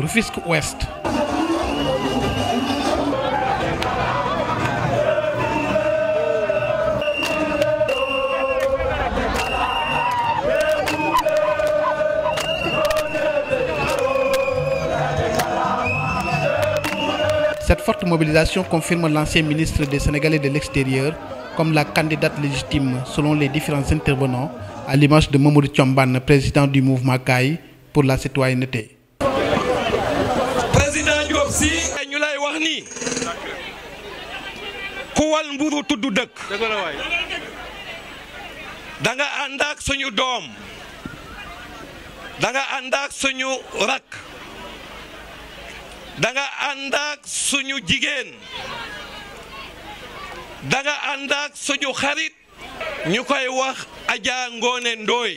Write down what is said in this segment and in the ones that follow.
Rufisque Ouest. Cette forte mobilisation confirme l'ancien ministre des Sénégalais de l'Extérieur comme la candidate légitime selon les différents intervenants, à l'image de Mamoudou Tchomban, président du mouvement CAI pour la citoyenneté. ku wal mburu tudd dëkk da nga ànd ak suñu doom danga nga ànd ak rakk da nga ànd ak jigéen danga nga ànd ak suñu xarit ñu koy wax Adja Ngone Ndoye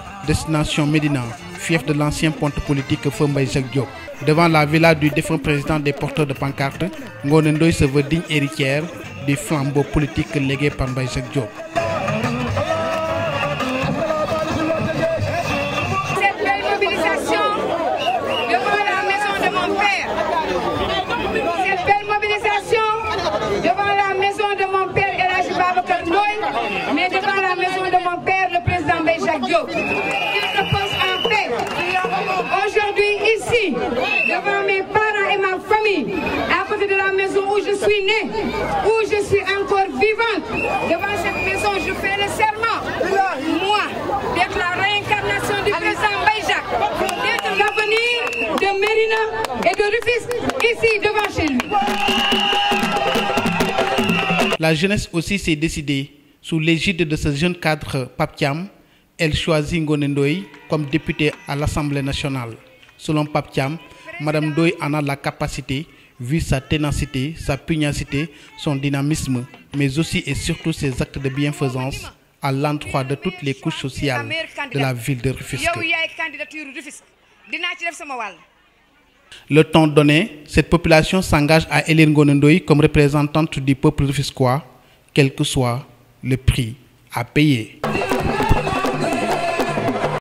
destination Médina, fief de l'ancien ponte politique Fombaï Diop. Devant la villa du défunt président des porteurs de pancartes, Ngonendoy se veut digne héritière du flambeau politique légué par Mbaye Diop. se en Aujourd'hui, ici, devant mes parents et ma famille, à côté de la maison où je suis née, où je suis encore vivante, devant cette maison, je fais le serment, moi, d'être la réincarnation du président Baïjac, d'être l'avenir de Mérina et de Rufus, ici, devant chez lui. La jeunesse aussi s'est décidée sous l'égide de ce jeune cadre papiam. Elle choisit Ngone comme députée à l'Assemblée nationale. Selon Pape Madame Ndoye en a la capacité, vu sa ténacité, sa pugnacité, son dynamisme, mais aussi et surtout ses actes de bienfaisance à l'endroit de toutes les couches sociales de la ville de Rufisque. Le temps donné, cette population s'engage à élire Gonendoy comme représentante du peuple rufisquois quel que soit le prix à payer.